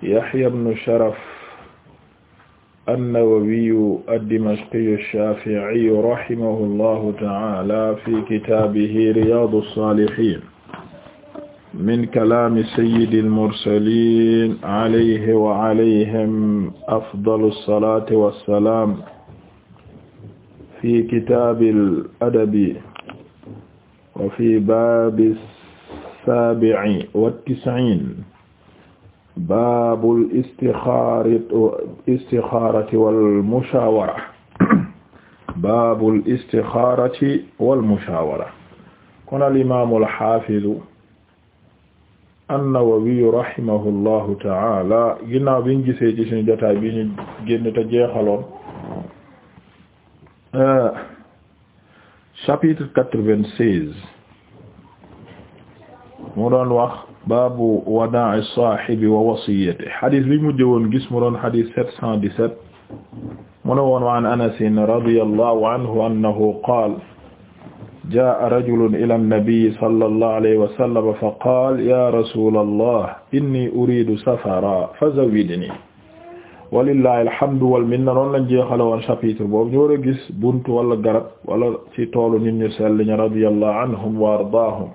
Yahya ibn Sharaf an-Nawawiyu ad-Dimashqiyu ash-Shafi'iyu rahimahullahu ta'ala fi kitaabihi Riyaadu as-Saalihiin min kalaami sayyidil mursaliin alayhi wa alayhim afdalu as-salaati was-salaam fi kitaabil adabi wa fi baabi as-saabi'i wat-tis'iin baabul istixaari istixaarati wal mushawara baabul istixaarati wal mushawara kon al imaamu al xaafidu an-Nawawi rahimahullahu ta'ala ginnaaw biñ gisee ci suñu jotaay bi ñu génn te jeexaloon euh, chapitre quatre-vingt-seize mu doon wax. baabu wadaa saahibi wa wasiyati xadis bi mujj woon gis mu doon xadis 717 mu ne woon waan anasin radiyallahu anhu annahu qaal jaa rajulun ila annabiyi sallallahu alayhi wa sallam fa qaal ya rasulallah inni uridu safara fa zawidni walillahi alhamdu wal minna noonu lañ jeexale woon chapitre boobu ñu war a gis buntu wala garab wala ci toolu nit ñu sell ñi radiyallahu anhum wa ardaahum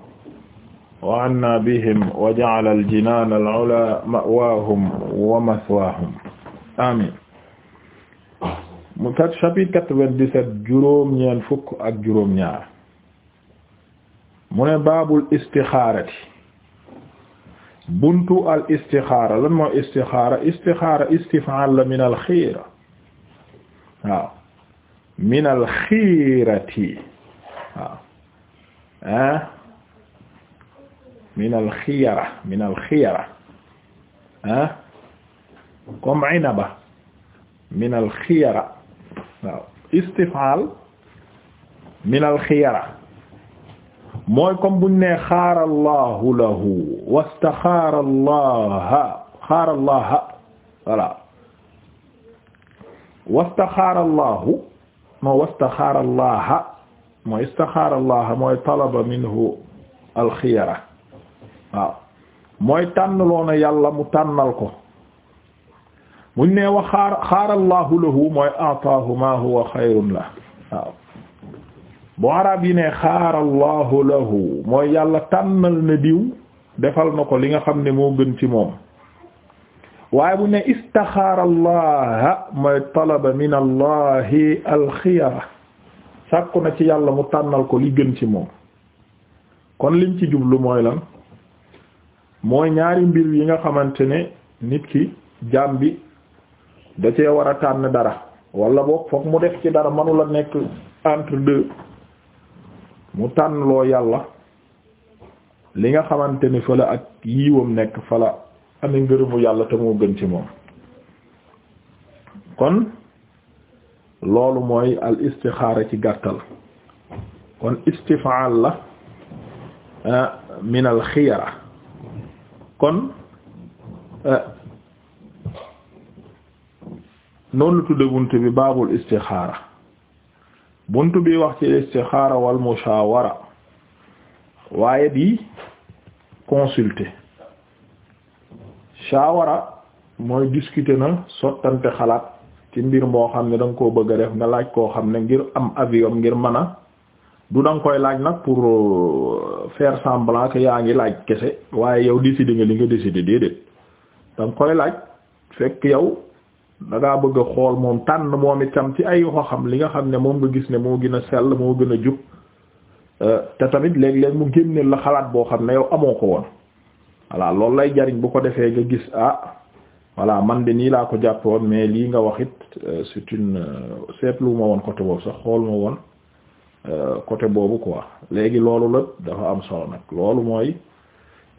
wa anna bihim wa ja'ala al-jinaan al-'ulaa ma'waahum wa mathwaahum amiin mu kat chapitre 97 juróom ñeent fukk ak juróom ñaar mu ne baabul istixaarati buntu al istixaara lan moo istixaara istixaara istif'aal la min al xiira waaw min al xiirati waaw ah min al xiyara min al xiyara ah comme inaba min al xiyara waaw istifaal min al xiyara mooy comme buñ ne xaara allahu lahu wastaxaara allaha xaara allaha voilà wastaxaara allahu moo wastaxaara allaha mooy istaxaara allaha mooy talaba minhu al xiyara waaw mooy tànnloo yàlla mu tànnal ko muñ nee wax xaar xaarallahu lahu mooy ataahu ma huwa xayrun la waaw bu arab yi ne xaarallahu lahu mooy yàlla tànnal na diw defal na ko li nga xam ne moo gën ci moom waaye bu ne istaxaarallaha mooy talaba min allahi alxiyara sàkku na ci yàlla mu tànnal ko li gën ci moom kon liñ ci jublu mooy lan mooy ñaari mbir yi nga xamante ne nit ki jaam bi da cee war a tànn dara walla boog foog mu def ci dara manula nekk entre deux mu tànn loo yàlla li nga xamante ni fala ak yiiwam nekk fala ame ngërëmu yàlla te moo gën ci moom kon loolu mooy al istixaara ci gàttal kon istifaal la ah, minal al xiyara kon euh, noonu lu bunt bi baabul istixaara bunt bi wax ci istixaara wal mushawara waaye di consulter shawara mooy discuter na sottante xalaat ci mbir moo xam ne danga ko bëgg a def nga laaj koo xam ne ngir am avis ngir mën a du da koy laaj nag pour euh, faire semblant que yaa ngi laaj kese waaye yow décider nga li nga décider déedéet da nga koy laaj fekk yow da bëgg a xool moom tànn moom itam ci ay yoo xam li nga xam ne moom nga gis ne moo gën a sell moo gën a jub euh, te tamit léeg-léeg mu génneel la xalaat boo xam ne yow amoo ko woon voilà loolu lay jariñ bu ko defee nga gis ah voilà man de nii laa ko jàppoon mais lii nga wax it euh, c'est une seetlu ma woon côté boobu sax xool ma woon. Euh, côté boobu quoi léegi loolu la dafa am solo nag loolu mooy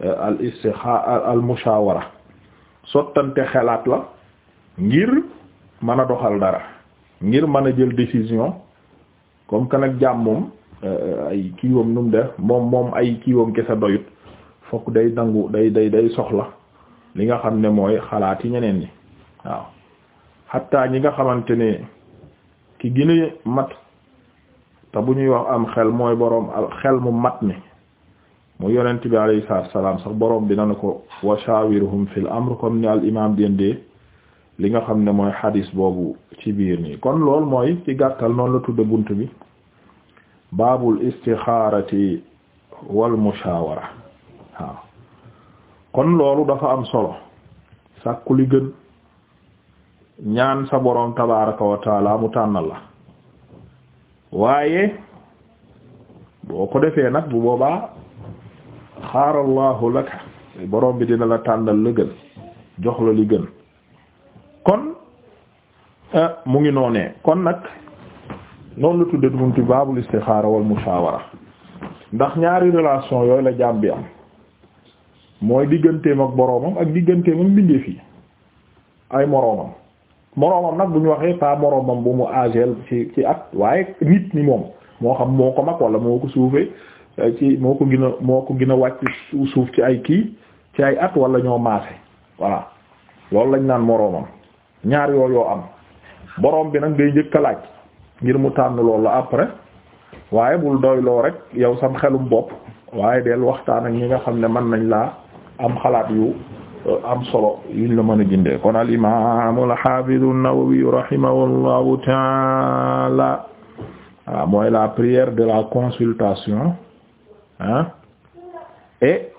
euh, al istixa al mushawara sottante xalaat la ngir mën a doxal dara ngir mën a jël décision comme que nag jàmm euh, ay kiiwam nu mu def moom moom ay kiiwam kese doyut fokk day nangu day day day soxla li nga xam ne mooy xalaat yi ñeneen ñi waaw xatta ñi nga xamante ne ki gën mat te bu ñuy wax am xel mooy boroom xel mu mat mi mu yonent bi alayhi sax boroom bi na ko wa shawirhum fil amr comme ni al imaam dende li nga xam ne mooy xadis boobu ci biir nii kon lool mooy ci gàttal noonu la tudde bunt bi baabul istixaarati wal mushaawara waaw kon loolu dafa am solo sàkku li gën ñaan sa boroom tabaaraka wa taala mu tànnal la waaye boo ko defee nag bu boobaa xaarallahu laka borom bi dina la tànnal la gën jox la li gën kon a euh, mu ngi noonee kon nag noonu la tudde dumunti baabul istixaara wal musaawara ndax ñaari relation yooyu la jaam bi am mooy digganteem ak boroomam ak digganteem ak mbindeef yi ay moroomam moroomam nag bu ñu waxee pas moroomam bu mu agel ci ci at waaye nit ni moom moo xam moo ko mag wala moo ko suufee eh, ci moo ko gën a moo ko gën a wàcc suuf ci ay kii ci ay at wala ñoo maase voilà loolu lañ naan moroomam ñaar yoo yoo am boroom bi nag ngay njëkk laaj ngir mu tànn loolu après waaye bul doyloo rek yow sam xelum bopp waaye del waxtaan ak ñi nga xam ne mën nañ laa am xalaat yu am solo yuñ la mën a jinde kon al imam la hafiz an-Nawawi rahimahullahu ta'ala ah mooy la prière de la consultation ah et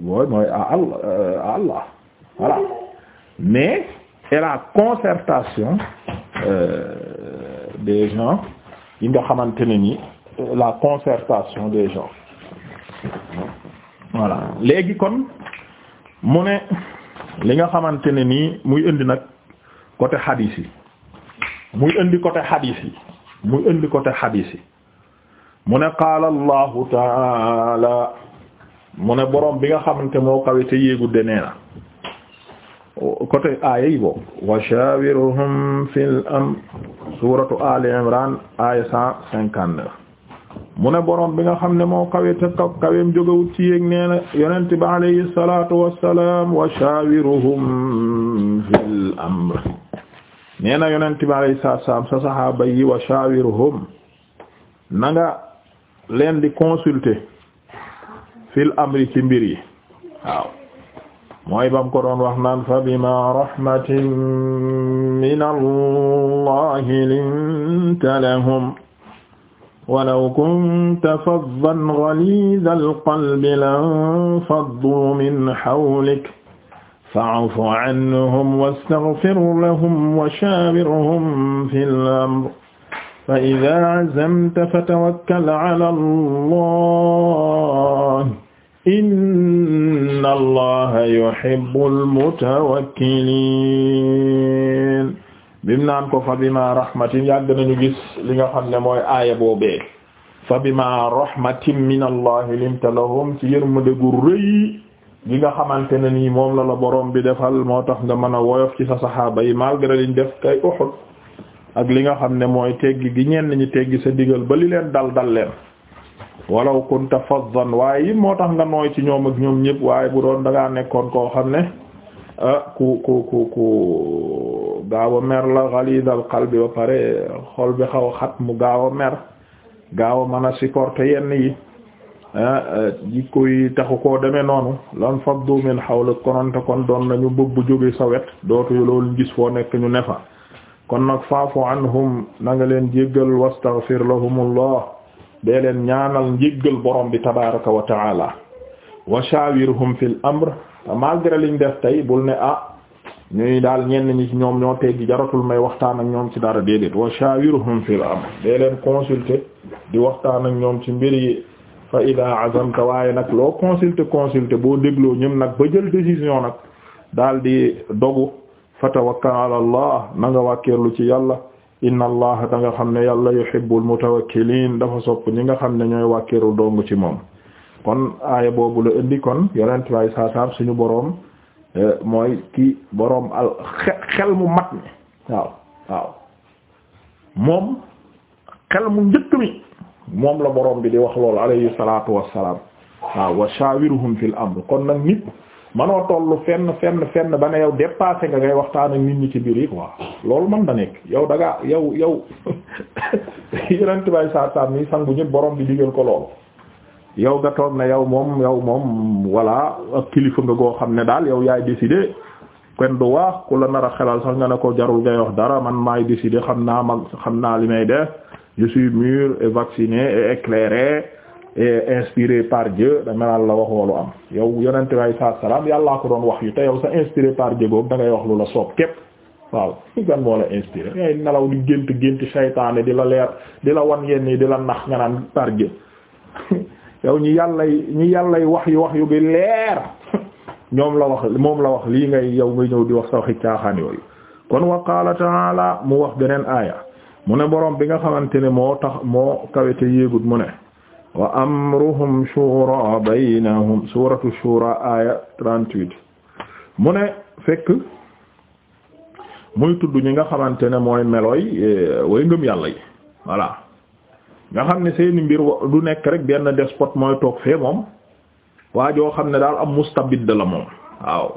mooy mooy à Allah euh, à Allah mais et la concertation euh, des gens nga xamante ne ni la concertation des gens voilà léegi kon mu ne li nga xamante ne nii muy indi nag côté hadith yi muy indi côté hadith yi muy indi côté hadith yi mu ne qaala allahu taala ne borom bi nga xamante moo kawe te yéegu de nee na côté aaya yi boobu wa shawirhum fil am suratu ali imran aya cent cinquante neuf mu ne borom bi nga xam ne moo kawe te kaweem jógawut ci yéeg nee na yonent bi alayhi salaatu wassalaam wa shaawiruhum fil amr nee na yonent bi alayhi sa saxaaba yi wa shaawiruhum na nga leen di consulter fil amri ci mbir yi waaw mooy bam ko wax fa bima rahmatin min allahi linta walaw kunta faddan ghaliza alqalbi lanfaddu min hawlik fa'fu anhum wastaghfir lahum wa shawirhum fil amr fa idha 'azamta fatawakkal 'ala Allah inna Allaha yuhibbul mutawakkilin bim naan ko fa bima rahmatin yàgg nañu gis li nga xam ne mooy aaya boobee fa bima rahmatin min allah limta lahum ci yërmande gu rëy gi nga xamante ne nii moom la la borom bi defal moo tax nga mën a woyof ci sa saxaaba yi malgré liñ def kay Uhud ak li nga xam ne mooy teggi gi ñenn ñi teggi sa digal ba li leen dal dal leen walaw kunta faddan waaye it moo tax nga nooy ci ñoom ak ñoom ñëpp waaye bu doon da nekkoon koo xam ne Ah, ku ku ku ku gaaw mer la ghalidal qalbi ba pare xol bi xaw a xat mu gaaw a mer gaaw a mën a supporter yenn yi ah, ah, jikko yi taxu koo demee noonu lan faddu min hawlik kononte kon doon nañu bëgg jóge sa wet dootu loolu gis foo nekk ñu nefa kon nag faafu anhum na nga leen jéggal wastaghfir lahumullah dee leen ñaanal njéggal borom bi tabaraka wa taala wa shawirhum fil amr malgré liñ def tey bul ne ah ñuy daal ñenn ñi ci ñoom ñoo teggi jaratul may waxtaan ak ñoom ci dara déedéet wa shawiruhum fil amr dee leen consulter di waxtaan ak ñoom ci mbir yi fa ida azamta waaye nag loo consulter consulter boo dégloo ñoom nag ba jël décision nag daal di dogu fa tawakkal ala allah na nga wàkkeerlu ci yàlla inna allah da nga xam ne yàlla yuhibbul mutawakkilin dafa sopp ñi nga xam ne ñooy wàkkeeru dong ci moom kon aaya boobu la indi kon yonent way saasaam suñu boroom eh, mooy ki boroom xel mu mat mi waaw moom xel mu njëkk mi moom la boroom bi di wax loolu alayhi salaatu wassalaam waaw wa shawirhum fi amr kon nag nit manoo tollu fenn fenn fenn ba ne yow dépassé nga ngay waxtaan ak nit ñi ci biir yi quoi loolu man da nekk yow da ngaa yow yow yonent way saasaam ni sangu ñëpp boroom bi digal ko loolu yow nga toog na yow moom yow moom voilà ak kilifa nga goo xam ne daal yow yaay décider kenn du wax ku la nar xelal sax nga ne ko jarul ngay wax dara man maay décider xam naa mag xam naa li may def je suis mûr et vacciné et éclairé et inspiré par Dieu dama la wax woolu am yow yonente way saa salaam yàllaa ko doon wax yu te yow sa inspiré par Dieu boobu dangay wax lu la soob képp waaw gan moo la inspiré ngay nelaw di gént gént saytaane di la leer di la wan yenn di la nax nga par Dieu yow ñi yàllay ñi yàllay wax yu wax yu bi leer ñoom la wax moom la wax lii ngay yow ngay ñëw di wax sa waxi caaxaan yooyu kon wa qaala taala mu wax beneen aaya mu ne boroom bi nga xamante ne moo tax moo kawete yéegut mu ne wa amruhum shura baynahum suratu shura aaya 38 mu ne fekk muy tudd ñi nga xamante ne mooy melooy eh, way ngëm yàlla yi voilà nga xam ne seeni mbir du nekk rek benn despot mooy toog fee moom waa joo xam ne daal am mustabid la moom waaw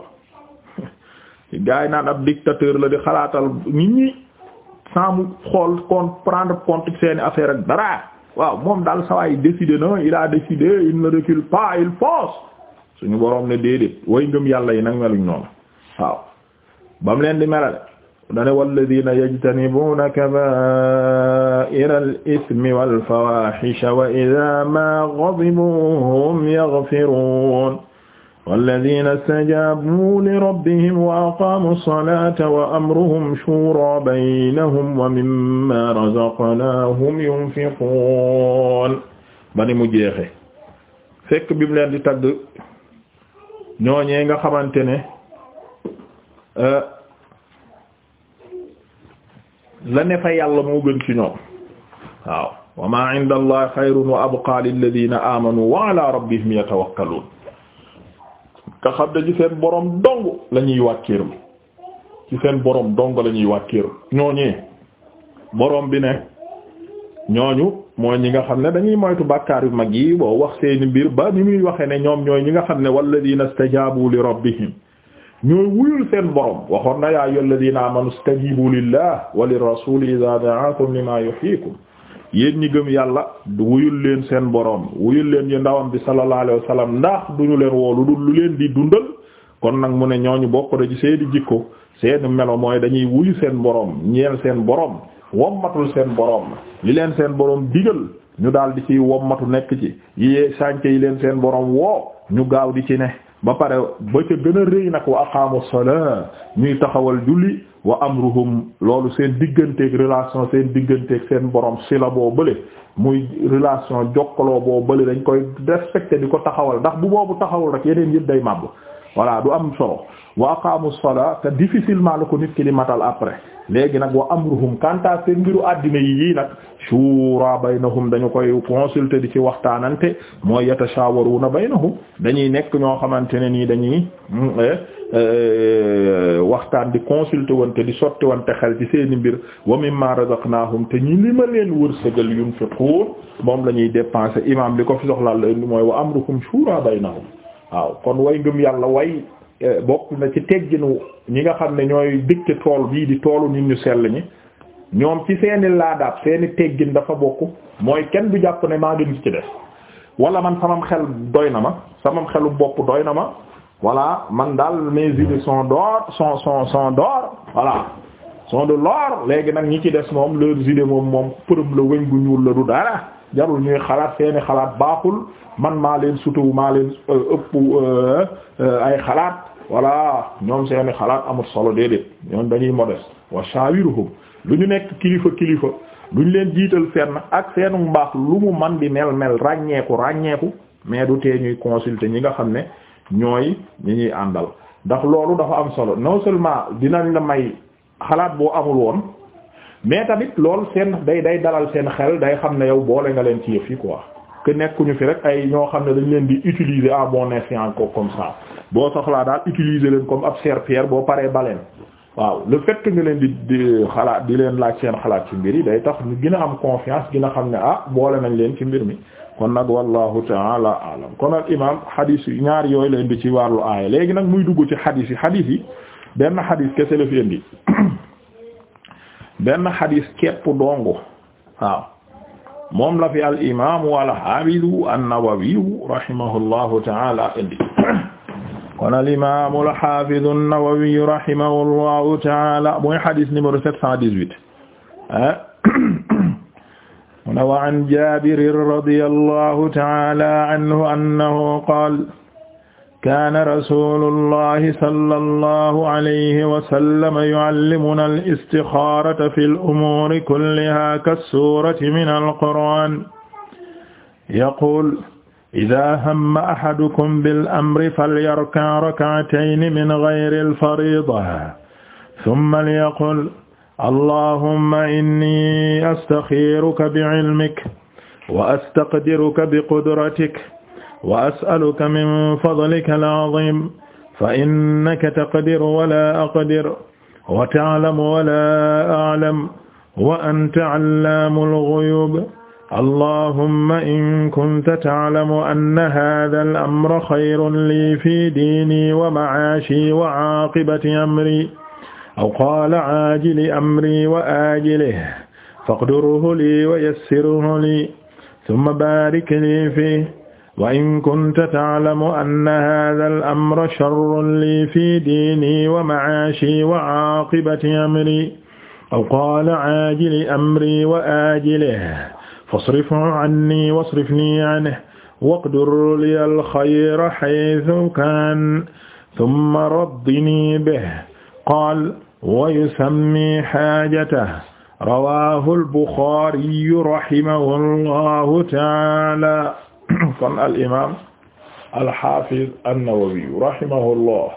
gars yi naan ab dictateur la di xalaatal nit ñi sans mu xool kon prendre compte seeni affaire ak dara waaw moom daal sawaay décidé na il a il ne recule pas il fonce suñu boroom ne déedéet way ngëm yàlla yi nag meluñ noonu waaw bam leen di melale dane walladina yajtanibuna kabaira al ismi walfawahisha wa ida ma gadibu hum yaghfirun walladina stajabu lirabbihim wa aqamu alsalata wa amruhum shura baynahum wa mimma razaqnahum yunfiqun bani mu jeexe fekk bi mu leen di tagg ñooñee nga xamante ne euh, la ne fa yàlla moo gën ci ñoom waaw wa ma inda allah xayrun wa abqa lilladina amanu wa ala rabbihim yatawakkalun nga xam ne ci seen borom dong la ñuy wàkkiir ci seen boroom dong lañuy ñuy wàkkiir ñooñee borom bi ne ñooñu mooy ñi nga xam ne dañuy moytu bàkkaar yu mag yi boo wax seeni mbir ba ni muy waxee ne ñoom ñooy ñi nga xam ne walladina stajabu li rabbihim ñooy wuyul seen borom waxoon na yaa ayyuhal ladina amanu stajibu lillah wa lirrasuli idha da'akum lima yuhyikum yéen ñi gëm yàlla wuyul leen seen borom wuyul leen yu ndawam bi sallallahu alayhi wa sallam ndax duñu leen lu dul lu leen di dundal kon nag mu ne ñooñu bokk na ci seeni jikko seen melo mooy dañuy wuyu seen borom ñeel seen borom wommatul seen borom li leen seen borom digal ñu daal di ciy wommatu nekk ci yi sànke yi leen seen borom woo ñu gaaw di ci ne ba pare ba ca gën a rëy nag wa aqaamu salaa ñuy taxawal julli wa amruhum loolu seen digganteeg relation seen digganteeg seen borom sila boo bële muy relation jokkaloo boo bële dañ koy respecté di ko taxawal ndax bu boobu taxawul rek yeneen yëpp day màbb voilà du am solo wa aqaamu salaa te difficilement la ko nit ki di matal après léegi nag wa amruhum kanta seen mbiru addina yi yii nag bay shura baynahum dañu koy consulter di ci waxtaanante mooy yatashawaruna baynahum dañuy nekk ñoo xamante ne nii dañuy mm, eh, eh, waxtaan di consulter wante di sotti wante xel ci seeni mbir wa naa razaqnahum te ñi li ma leen wërsëgal yunfiqun moom la ñuy dépenser imam li ko fi soxlaal la mooy wa amruhum shura baynahum waaw kon way ngëm Euh, bokk na ci tegginu ñi nga xam ne ñooy dëkk tool bii di toolu nit ñu sell ñi ñoom ci seeni laadaab seeni teggin dafa bokk mooy kenn du jàpp ne maa ngi ci def wala man samam xel doy na ma samam xelu bopp doy na ma voilà man daal mes idées sont son sont sont sont d'or voilà sont léegi nag ñi ci des moom leurs idées moom moom përëm la weñ gu ñuul la du dara jarul ñuy xalaat seeni xalaat baaxul man maa leen sutuw maa leen euh, ëpp euh, ay xalaat voilà ñoom seeni xalaat amul solo déedéet ñoom dañuy modeste wa shawiruhum lu ñu nekk kilifa kilifa duñ leen jiital fenn ak seenu mbaax lu mu man di mel mel ràññeeku ràññeeku mais du tee ñuy consulter ñi nga xam ne ñooy ñi ñuy àndal ndax loolu dafa am solo non seulement dinañ la may xalaat boo amul woon mais tamit loolu seen day day dalal seen xel day xam ne yow boole nga leen ci fii yi quoi que nekkuñu fi rek ay ñoo xam ne dañ leen di utiliser à ne escient ko comme ça boo soxlaa daal utiliser leen comme ab serpillère boo paree baleen waaw le fait que nga leen di di xalaat di leen laaj seen xalaat ci mbir yi day tax ñu gën a am confiance gën a xam ne ah boole nañ leen ci mbir mi kon nag wallahu taala alam kon al imam hadis yi ñaar yooyu leen di ci wàllu aaya léegi nag muy dugg ci hadis yi hadis yi benn hadis kese la fi indi benn hadis képp dongo waaw moom la fi al imaamu al haafidu an-Nawawiyu rahimahullahu ta'ala indi kon al imaamu al haafidu an-Nawawiyu rahimahullahu ta'ala mooy hadith numéro 718 mu ne wa an Jaabir radiyallahu ta'ala anhu annahu qaala kaana rasulullahi sallallahu alayhi wa sallam yu'allimuna al-istixaarata fil umuuri kullihaa kas-suurati minal qur'aan yaquul idaa hamma ahadukum bil amri falyarka' rak'atayni min gayril fariidati summa liyaqul allahumma innii astaxiiruka bi'ilmika wa astaqdiruka biqudratika wa as'aluka min fadlika al-'azim fa innaka taqdiru wa la aqdiru wa ta'lamu wa la a'lamu wa anta 'allaamu al-ghuyuub allahumma in kunta ta'lamu anna haadha al-amra xayrun lii fii diinii wa ma'aashii wa 'aaqibati amrii aw qaala 'aajili amrii wa aajilihi faqdurhu lii wa yassirhu lii thumma baarik lii fiihi wa in kunta ta'lamu anna hadha al-amra sharrun li fi diini wa ma'aashi wa 'aaqibati amri aw qaala 'aajili amri wa aajilihi fasrifhu 'anni wasrifnii 'anhu waqdur liya al-khayra haythu kaan thumma raddinii bihi qaala wa yusammii haajatahu rawaahu al-Bukhaari rahimahu Allahu ta'aala kon al imaam al xaafiz an-Nawawi rahimahullah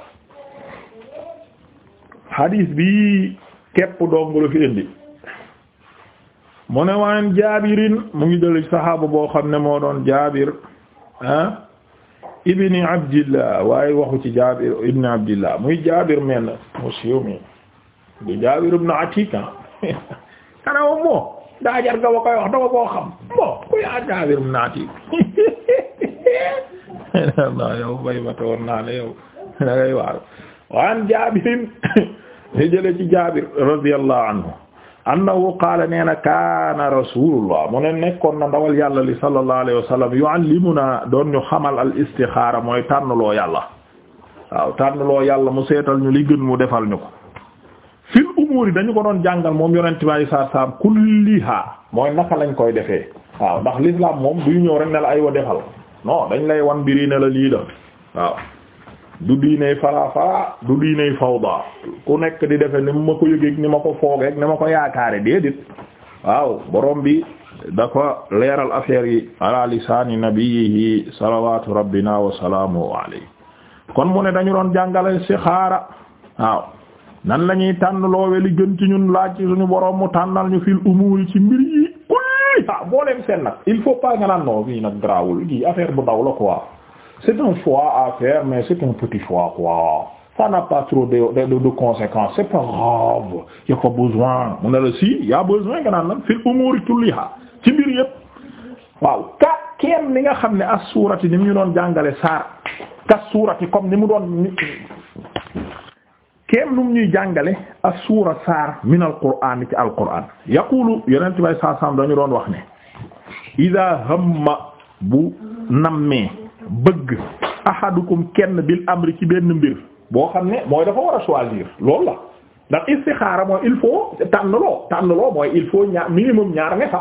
hadis bi képp dong fi indi mu ne jaabirin mu ngi jël saxaaba boo xam ne moo doon jaabir ah ibni abdillah waaye waxu ci jaabir ibni abdillah muy jaabir men mu siiw mi jaabir ibn Atika ah. xanaa moom daa jar nga ba koy wax dama koo xam bon ku yaa jaabir naati non yow bay ma toon naa ne yow da ngay waaru waan jaabirin li jële ci jaabir radiyallahu anhu annahu qaala nee na kaana rasulullah mu ne nekkoon na ndawal yàlla li sallallahu alayhi wa sallam yuallimuna doon ñu xamal al istixaara mooy tànnloo yàlla waaw tànnloo yàlla mu seetal ñu li gën mu defal ñu ko umur yi dañu ko doon jàngal moom yonent bi saa saam mooy naka lañ koy defee waaw ndax l'islam moom duy ñëw rek ne la ay wa defal dañ lay wan mbiri ne la lii la waaw du diiney fara fara du diiney fawda ku nekk di defe ni ma ko yëgeeg ni ma ko foogeeg ni ma ko yaakaare déedéet waaw borom bi dafa leeral affaire yi ala lisaani nabiyihi salawatu rabbina wa salaamu alayhi kon mu ne dañu doon jàngale si xaara waaw nan la ñuy tànn loowe li gën ci ñun laaj ci suñu borom mu tànnal ñu fil umuri ci mbir yi kulliha booleem seen nag il faut pas nga naan non fii nag garaawul gi affaire bu ndaw la quoi c'est un choix à faire mais c'est un petit choix quoi ça n'a pas trop de de de conséquences c'est pas grave y besoin mu ne la si y besoin nga nag fil umuri kulliha ci mbir yépp waaw ka kenn ni nga xam ne as suurati ni mu ñu doon jàngale saar ka suurati comme ni mu doon. keem lu ñuy jàngale as-suura saar min al-qur'aan ci al-qur'aan yaqulu yonent bay saasam dañu doon wax ne idaa hamma bu nammee bëgg ahadukum kenn bil amri ci benn mbir boo xam ne mooy dafa war a choisir loolu la ndax istixaara mooy il faut tànnloo loo mooy il faut ñaar minimum ñaar ne fa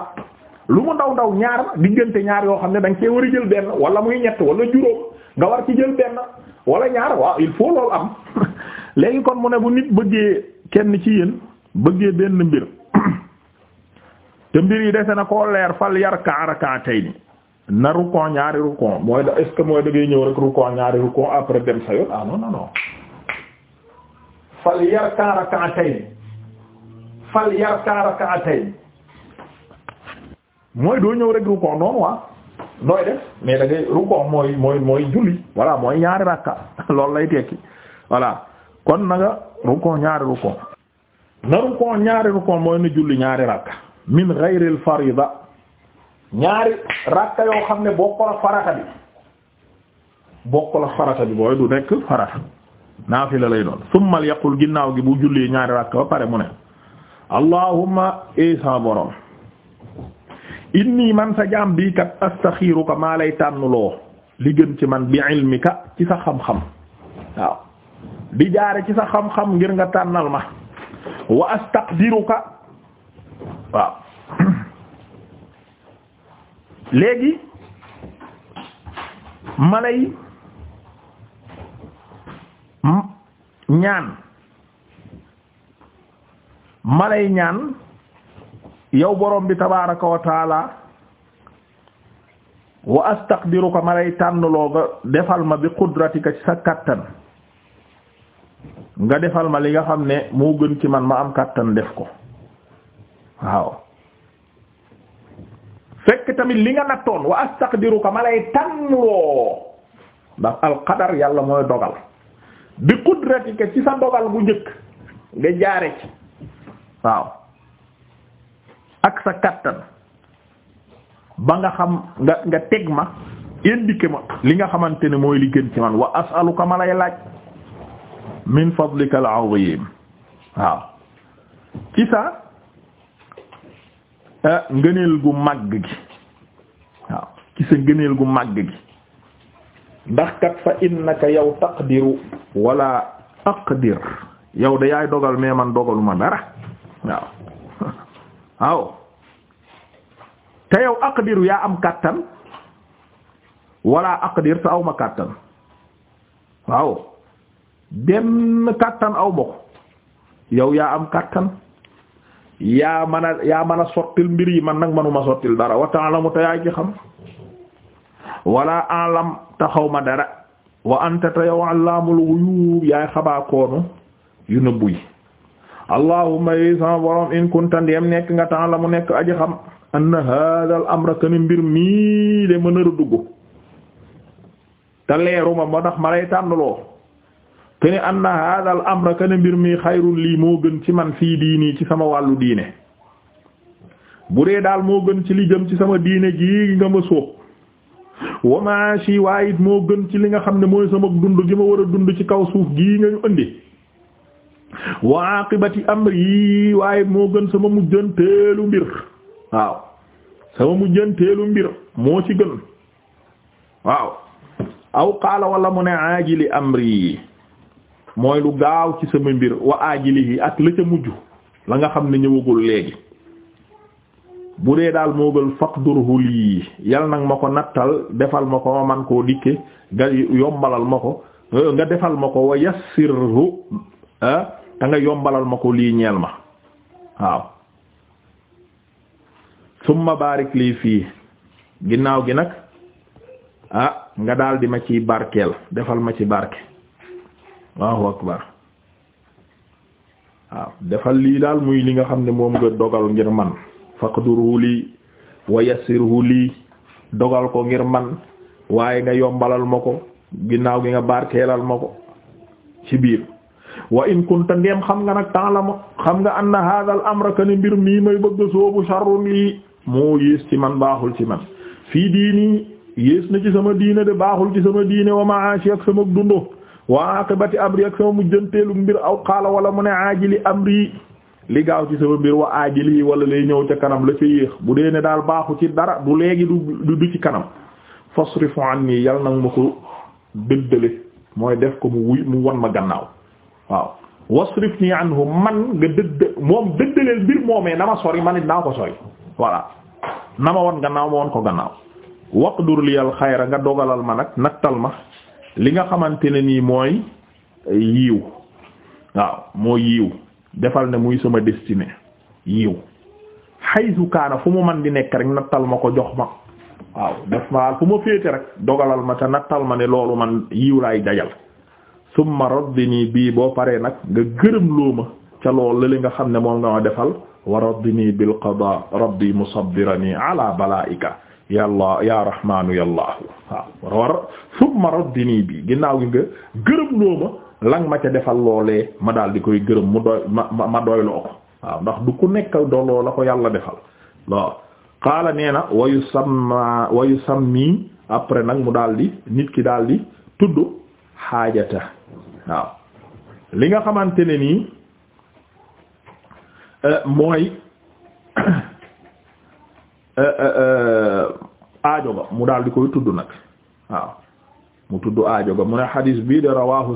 lu mu ndaw ndaw ñaar diggante ñaar yoo xam ne da nga war a jël benn wala muy ñett wala juróom nga war ci jël benn wala ñaar waaw il faut loolu am léegi kon mu ne bu nit bëggee kenn ci yéen bëggee benn mbir te mbir yi dese na koo leer fal yar ka arakan tey ni na rukon ñaari rukon mooy da est que mooy da ngay ñëw rek rukon ñaari rukon après dem sa ah non non non fal yar ka arakan ni fal yar ka arakan ni mooy doo ñëw rek rukon noonu waa ah, nooy def mais da ngay mooy mooy mooy julli voilà mooy ñaari rakka loolu lay tekki voilà kon naga rukon ñaari rukon na rukon ñaari rukon mooy na julli ñaari rakka min ghayril farida ñaari rakka yoo xam ne bokk la farata bi bokk la farata bi booy du nekk farata la lay doon summal yaqul ginnaaw gi bu julli ñaari rakka ba pare mu ne allahumma isa eh, borom inni man sa jaam bii kat astaxiiruka maa lay tànnuloo li gën ci man bi ilmika ci sa xam-xam waaw di jaare ci sa xam-xam ngir nga tànnal ma wa astaqdiruka waaw léegi ma lay ñaan ma lay ñaan yow borom bi tabaaraka wa taala wa astaqdiruka ma lay tànnloo nga defal ma bi qudratika ci sa kattan nga defal ma li nga xam ne moo gën ci man ma am kàttan def ko waaw fekk tamit li nga nattoon wa astaqdiruka ma lay tànnloo ndax alqadar yàlla mooy dogal bi qudratika ci sa dogal bu njëkk nga jaare ci waaw ak sa kàttan ba nga xam nga nga teg ma indiqué ma li nga xamante ne mooy li gën ci man wa asaluka ma lay laaj min fadlika al-azim waaw ci sa eh, ngëneel gu màgg gi waaw ci sa ngëneel gu màgg gi ndax kat fa innaka yow taqdiru wala aqdir yow da yaay dogal mais man dogaluma dara waaw waaw te yow aqdiru yaa am kàttan wala aqdir sa awma kàttan waaw benn kàttan aw ma ko yaa am kàttan yaa man a yaa man a sottil mbir yi man nag manuma sottil dara wa ta'lamu te yaa ci xam wala alam te xaw ma dara wa anta te yow allaamul ghuyub yaay xabaakoonu yu nëbbu allahumma in kunta nekk nga ta'lamu nekk aji xam anna hadha amra kani mbir mii de mënër a dugg te leeruma moo tax ma lay tànnaloo kene anna hada amra kene mbir mi xayrun lii moo gën ci man fii diini ci sama wàllu diine bu dee daal moo gën ci li jëm ci sama diine jii nga ma sóob wa maashi moo gën ci li nga xam ne mooy sama dund gi ma war a dund ci kaw suuf gii nga ñu indi wa aqibati amri waaye moo gën sama mujjanteelu mbir waaw sama mujjanteelu moo ci gën waaw aw qaala wala mu ne ajili amri mooy lu gaaw ci sama mbir wa ajilihi ak la ca mujj la nga xam ne ñëwagul léegi bu dee daal moo gën faqdurhu lii yal nag ma ko nattal defal ma ko ma man koo dikke nga yombalal ma ko euh, defal ma ko wa yassirhu ah, yombalal ma ko lii ñeel ma waaw summa barik lii fii ginnaaw gi nag ah nga daldi di ma ciy barkeel defal ma ci barke Allahu akbar waaw defal lii daal muy li nga xam ne moom nga dogal ngir man faqdurhu lii wa yassirhu lii dogal ko ngir man waaye nga yombalal ma ko ginnaaw gi nga barkeelal ma ko ci biir wa in kunta ndeem xam nga nag ta'lamu xam nga anna hadha al amra kani mbir mii may bëgg soobu sharrun lii moo yées ci man baaxul ci man fii diini yées na ci sama diine de baaxul ci sama diine wa ma'ashi ak sama dundo wa aqibati amri ak sama mujjanteelu mbir aw qaala wala mu ne aajili amri li gaaw ci sama mbir wa aajili wala lay ñëw ca kanam la ca yéex bu dee ne daal baaxu ci dara du léegi du du ci kanam fasrifu nii yal nag ma ko dëddale mooy def ko mu wuy mu won ma gannaaw waaw wasrifni anhu man nga dëdd moom dëddaleel mbir moomee na ma sori man it naa ko sori voilà na ma won gannaaw ma won ko gannaaw waqdur liyal xayra nga dogalal ma nag nattal ma li nga xamante ne nii mooy yiiw waaw mooy yiiw defal ne muy sama destinée yiiw haythu kaana fu mu man di nekk rek nattal ma ko jox ma waaw def ma fu ma féete rek dogalal ma te nattal ma ne loolu man yiiw laay dajal summa raddini bii boo paree nag nga gërëm loo ma ca loolu li nga xam ne moom nga ma defal wa raddini bil qada rabbi musabbirani ala balaika yàlla ya rahmaanu yàllaahu waaw war summa raddini bi ginnaaw gi nga gërëm loo ma lang ma ca defal loolee ma daal koy gërëm mu ma ma ko waaw ndax du ku nekk dooloo la ko yàlla defal waaw qaala nee wayu samma wayu sammi après nag mu daal di nit ki daal di tudd xaajata waaw li nga xamante ne euh, mooy euh, euh, aajo ba mu daal di koy tudd nag waaw mu tudd aajo ba mu ne xadis bii de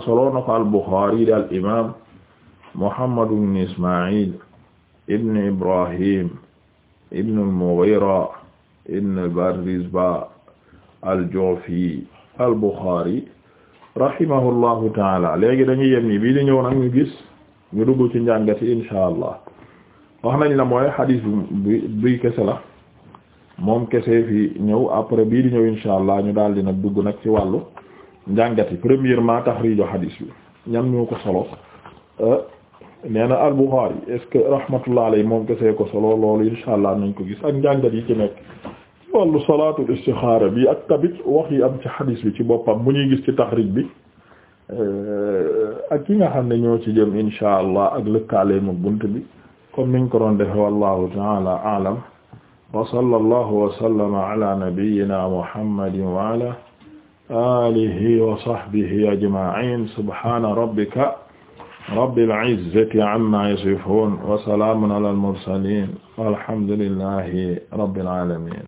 solo no na ko al Buxaari de al imam Muhammad ibn Ismail ibn Ibrahim ibn al Mughira ibn al Barizba al Jufi al Buxaari taala léegi dañuy yem ni bii di ñëw ñu gis ñu dugg ci njàngati insha allah wax nañ la mooy xadis bi bi la moom kese fi ñëw après bii di ñëw insha allah ñu daal di nag dugg nag ci wàllu njàngat yi premièrement taxriiju hadis bi ñan ñoo ko solo euh, nee na al-Bukhari est-ce que rahmatullah alayhi moom kese ko solo loolu insha allah nañ ko gis ak njàngat yi ci nekk ci wàllu salaatul istixaara bi ak tabit wax yi am ci hadis bi ci boppam bu ñuy gis ci taxriij bi euh, ak ki nga xam ne ñoo ci jëm insha allah ak lëkkaale mu bunt bi comme ni ñu ko doon defe wallahu taala alam wa sallallahu wa sallama ala nabiyyina muhammadin wa ala alihi wa sahbihi ajma'in subhana rabbika rabbil izzati amma yasifun wa salamun ala al mursalin walhamdulillahi rabbil alamin